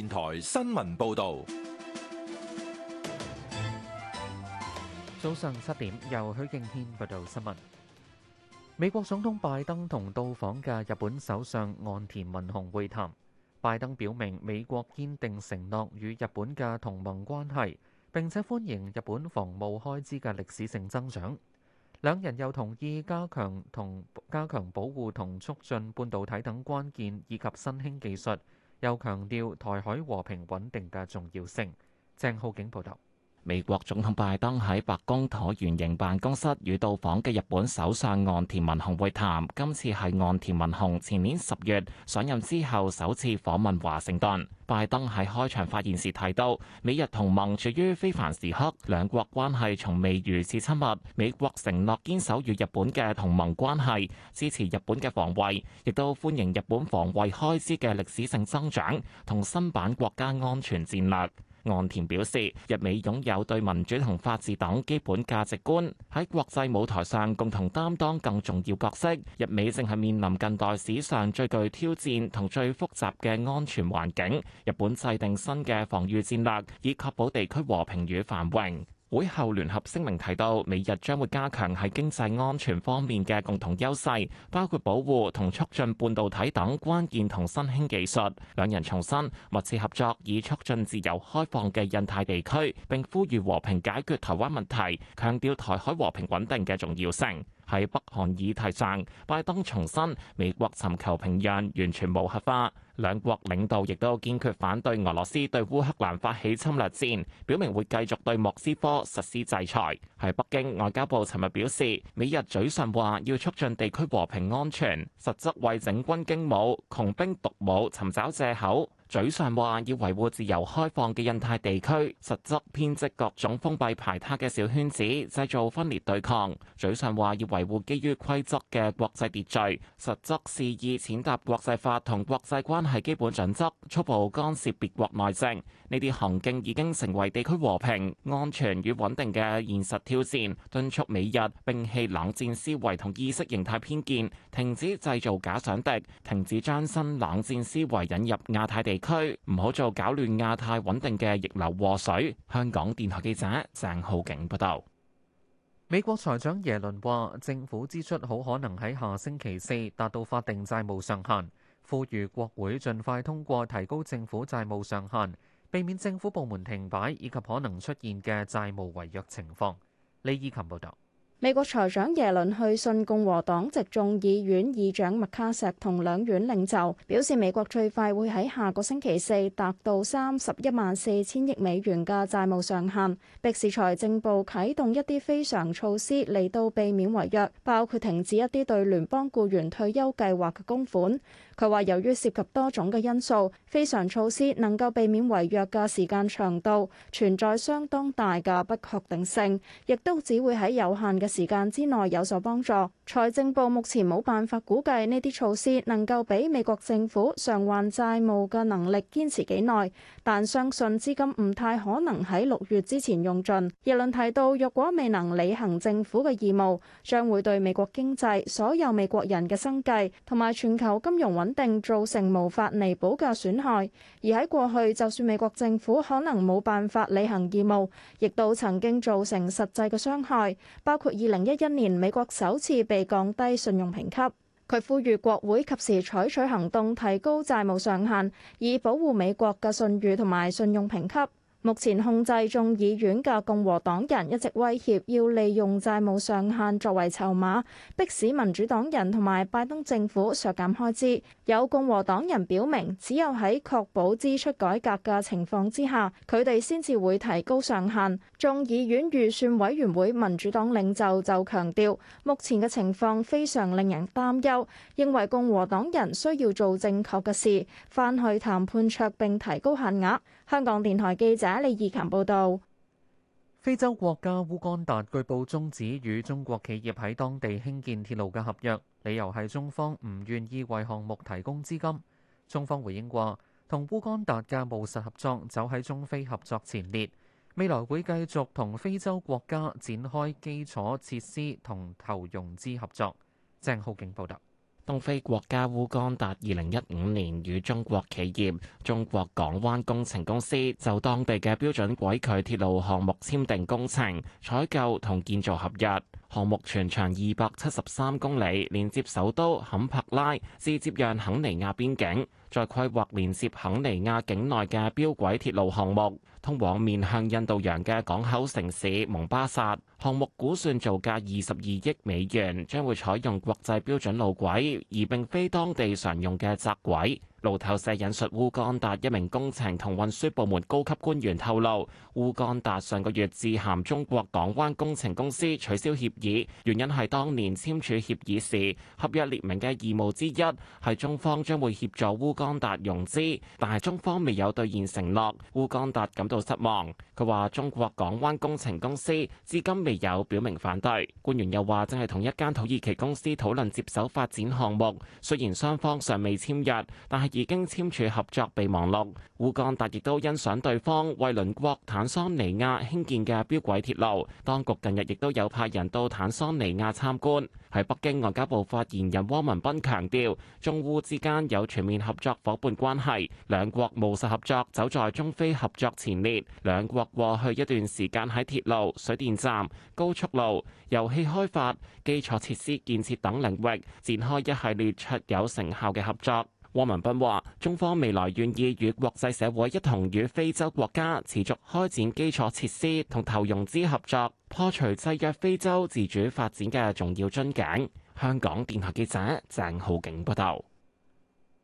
電台新聞報道，早上七點由許敬軒報道新聞。美國總統拜登同到訪嘅日本首相岸田文雄會談，拜登表明美國堅定承諾與日本嘅同盟關係，並且歡迎日本防務開支嘅歷史性增長。兩人又同意加強同加強保護同促進半導體等關鍵以及新興技術。又強調台海和平穩定嘅重要性。鄭浩景報導。美國總統拜登喺白宮橢圓形辦公室與到訪嘅日本首相岸田文雄會談，今次係岸田文雄前年十月上任之後首次訪問華盛頓。拜登喺開場發言時提到，美日同盟處於非凡時刻，兩國關係從未如此親密。美國承諾堅守與日本嘅同盟關係，支持日本嘅防衛，亦都歡迎日本防衛開支嘅歷史性增長，同新版國家安全戰略。岸田表示，日美擁有對民主同法治等基本價值觀，喺國際舞台上共同擔當更重要角色。日美正係面臨近代史上最具挑戰同最複雜嘅安全環境。日本制定新嘅防禦戰略，以確保地區和平與繁榮。會後聯合聲明提到，美日將會加強喺經濟安全方面嘅共同優勢，包括保護同促進半導體等關鍵同新興技術。兩人重申密切合作以促進自由開放嘅印太地區，並呼籲和平解決台灣問題，強調台海和平穩定嘅重要性。喺北韓議題上，拜登重申美國尋求平壤完全無核化，兩國領導亦都堅決反對俄羅斯對烏克蘭發起侵略戰，表明會繼續對莫斯科實施制裁。喺北京，外交部尋日表示，美日嘴上話要促進地區和平安全，實則為整軍經武、窮兵獨武尋找借口。嘴上話要維護自由開放嘅印太地區，實則編織各種封閉排他嘅小圈子，製造分裂對抗；嘴上話要維護基於規則嘅國際秩序，實則肆意踐踏國際法同國際關係基本準則，粗暴干涉別國內政。呢啲行徑已經成為地區和平、安全與穩定嘅現實挑戰，敦促美日摒棄冷戰思維同意識形態偏見，停止製造假想敵，停止將新冷戰思維引入亞太地。區唔好做搞亂亞太穩定嘅逆流禍水。香港電台記者鄭浩景報道。美國財長耶倫話，政府支出好可能喺下星期四達到法定債務上限，呼籲國會盡快通過提高政府債務上限，避免政府部門停擺以及可能出現嘅債務違約情況。李依琴報道。美國財長耶倫去信共和黨籍眾議院議長麥卡錫同兩院領袖，表示美國最快會喺下個星期四達到三十一萬四千億美元嘅債務上限，迫使財政部啟動一啲非常措施嚟到避免違約，包括停止一啲對聯邦僱員退休計劃嘅供款。佢話由於涉及多種嘅因素，非常措施能夠避免違約嘅時間長度存在相當大嘅不確定性，亦都只會喺有限嘅。時間之內有所幫助。財政部目前冇辦法估計呢啲措施能夠俾美國政府償還債務嘅能力堅持幾耐，但相信資金唔太可能喺六月之前用盡。耶倫提到，若果未能履行政府嘅義務，將會對美國經濟、所有美國人嘅生計同埋全球金融穩定造成無法彌補嘅損害。而喺過去，就算美國政府可能冇辦法履行義務，亦都曾經造成實際嘅傷害，包括。二零一一年，美國首次被降低信用評級。佢呼籲國會及時採取行動，提高債務上限，以保護美國嘅信譽同埋信用評級。目前控制眾議院嘅共和黨人一直威脅要利用債務上限作為籌碼，迫使民主黨人同埋拜登政府削減開支。有共和黨人表明，只有喺確保支出改革嘅情況之下，佢哋先至會提高上限。眾議院預算委員會民主黨領袖就強調，目前嘅情況非常令人擔憂，認為共和黨人需要做正確嘅事，翻去談判桌並提高限額。香港電台記者。李義琴報道：非洲國家烏干達據報終止與中國企業喺當地興建鐵路嘅合約，理由係中方唔願意為項目提供資金。中方回應話，同烏干達嘅務實合作走喺中非合作前列，未來會繼續同非洲國家展開基礎設施同投融資合作。鄭浩景報道。東非國家烏干達二零一五年與中國企業、中國港灣工程公司就當地嘅標準軌距鐵路項目簽訂工程、採購同建造合約。項目全長二百七十三公里，連接首都坎帕拉，至接壤肯尼亞邊境，再規劃連接肯尼亞境內嘅標軌鐵路項目，通往面向印度洋嘅港口城市蒙巴薩。項目估算造價二十二億美元，將會採用國際標準路軌，而並非當地常用嘅窄軌。路透社引述烏干達一名工程同運輸部門高級官員透露，烏干達上個月致函中國港灣工程公司取消協議，原因係當年簽署協議時，合約列明嘅義務之一係中方將會協助烏干達融資，但係中方未有兌現承諾，烏干達感到失望。佢話中國港灣工程公司至今未有表明反對。官員又話正係同一間土耳其公司討論接手發展項目，雖然雙方尚未簽約，但係已經簽署合作備忘錄，烏干達亦都欣賞對方為鄰國坦桑尼亞興建嘅標軌鐵路。當局近日亦都有派人到坦桑尼亞參觀。喺北京外交部發言人汪文斌強調，中烏之間有全面合作伙伴關係，兩國務實合作走在中非合作前列。兩國過去一段時間喺鐵路、水電站、高速路、油氣開發、基礎設施建設等領域展開一系列卓有成效嘅合作。汪文斌話：中方未來願意與國際社會一同與非洲國家持續開展基礎設施同投融資合作，破除制約非洲自主發展嘅重要樽頸。香港電台記者鄭浩景報道。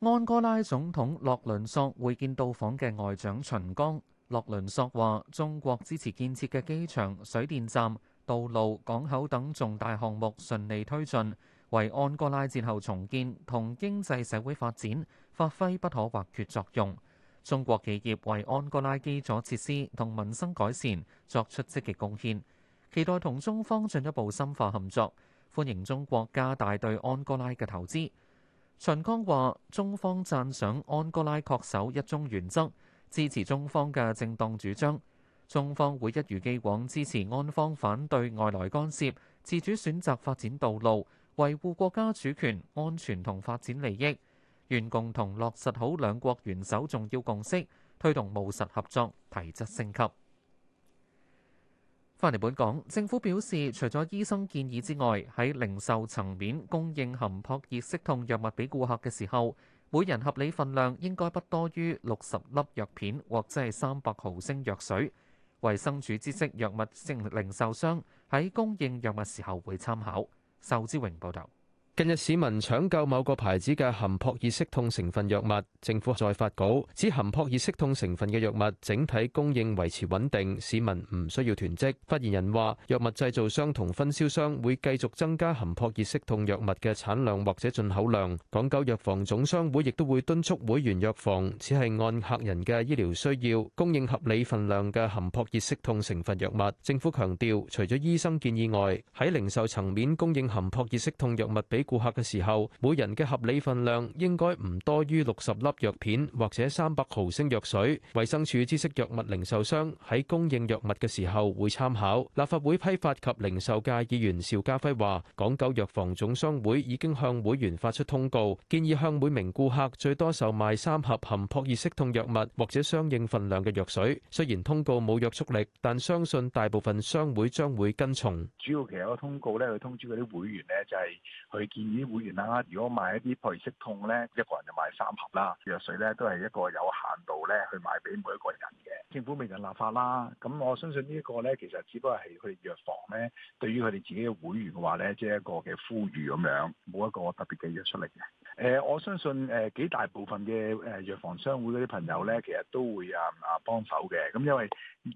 安哥拉總統洛倫索會見到訪嘅外長秦剛。洛倫索話：中國支持建設嘅機場、水電站、道路、港口等重大項目順利推進。為安哥拉戰後重建同經濟社會發展發揮不可或缺作用。中國企業為安哥拉基礎設施同民生改善作出積極貢獻，期待同中方進一步深化合作，歡迎中國加大對安哥拉嘅投資。秦剛話：中方讚賞安哥拉確守一中原則，支持中方嘅正當主張。中方會一如既往支持安方反對外來干涉，自主選擇發展道路。維護國家主權、安全同發展利益，願共同落實好兩國元首重要共識，推動務實合作提質升級。翻嚟本港，政府表示，除咗醫生建議之外，喺零售層面供應含撲熱息痛藥物俾顧客嘅時候，每人合理份量應該不多於六十粒藥片或者係三百毫升藥水。衛生署知識藥物經零售商喺供應藥物時候，會參考。壽之榮報道。近日市民搶購某個牌子嘅含撲熱息痛成分藥物，政府再發稿指含撲熱息痛成分嘅藥物整體供應維持穩定，市民唔需要囤積。發言人話：藥物製造商同分銷商會繼續增加含撲熱息痛藥物嘅產量或者進口量。港九藥房總商會亦都會敦促會員藥房只係按客人嘅醫療需要供應合理份量嘅含撲熱息痛成分藥物。政府強調，除咗醫生建議外，喺零售層面供應含撲熱息痛藥物俾顧客嘅時候，每人嘅合理份量應該唔多於六十粒藥片或者三百毫升藥水。衛生署知識藥物零售商喺供應藥物嘅時候會參考。立法會批發及零售界議員邵家輝話，港九藥房總商會已經向會員發出通告，建議向每名顧客最多售賣三盒含撲熱息痛藥物或者相應份量嘅藥水。雖然通告冇約束力，但相信大部分商會將會跟從。主要其實個通告咧，佢通知嗰啲會員咧，就係去。建議會員啦、啊，如果買一啲撲熱息痛咧，一個人就買三盒啦。藥水咧都係一個有限度咧去買俾每一個人嘅。政府未有立法啦，咁我相信呢一個咧其實只不過係佢藥房咧對於佢哋自己嘅會員嘅話咧，即、就、係、是、一個嘅呼籲咁樣，冇一個特別嘅藥出嚟嘅。誒，我相信誒幾大部分嘅誒藥房商會嗰啲朋友咧，其實都會啊啊幫手嘅。咁因為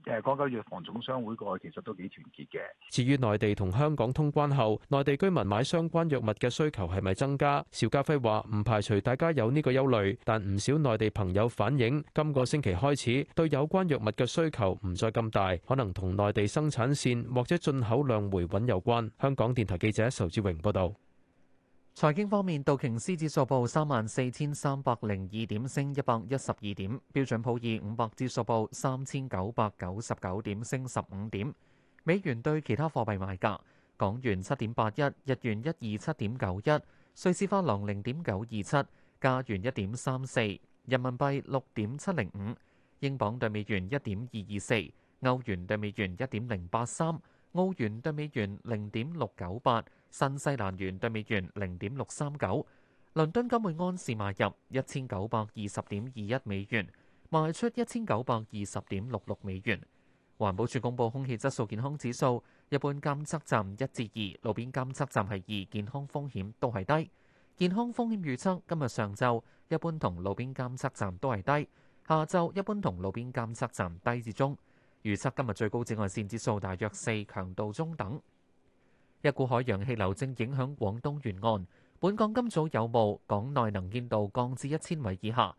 誒講緊藥房總商會個，其實都幾團結嘅。至於內地同香港通關後，內地居民買相關藥物嘅需求係咪增加？邵家輝話唔排除大家有呢個憂慮，但唔少內地朋友反映，今個星期開始對有關藥物嘅需求唔再咁大，可能同內地生產線或者進口量回穩有關。香港電台記者仇志榮報導。財經方面，道瓊斯指數報三萬四千三百零二點，升一百一十二點；標準普爾五百指數報三千九百九十九點，升十五點。美元對其他貨幣賣價：港元七點八一，日元一二七點九一，瑞士法郎零點九二七，加元一點三四，人民幣六點七零五，英鎊對美元一點二二四，歐元對美元一點零八三，澳元對美元零點六九八。新西蘭元兌美元零點六三九，倫敦金每安士買入一千九百二十點二一美元，賣出一千九百二十點六六美元。環保署公布空氣質素健康指數，一般監測站一至二，路邊監測站係二，健康風險都係低。健康風險預測今日上晝一般同路邊監測站都係低，下晝一般同路邊監測站低至中。預測今日最高紫外線指數大約四，強度中等。一股海洋氣流正影響廣東沿岸，本港今早有霧，港內能見度降至一千米以下。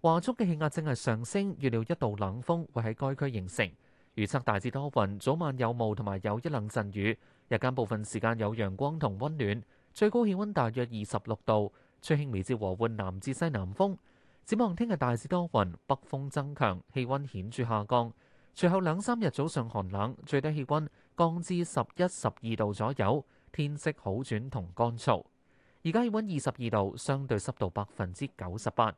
華中嘅氣壓正係上升，預料一道冷鋒會喺該區形成。預測大致多雲，早晚有霧同埋有一兩陣雨，日間部分時間有陽光同温暖，最高氣温大約二十六度，吹輕微至和緩南至西南風。展望聽日大致多雲，北風增強，氣温顯著下降。隨後兩三日早上寒冷，最低氣温降至十一、十二度左右，天色好轉同乾燥。而家氣溫二十二度，相對濕度百分之九十八。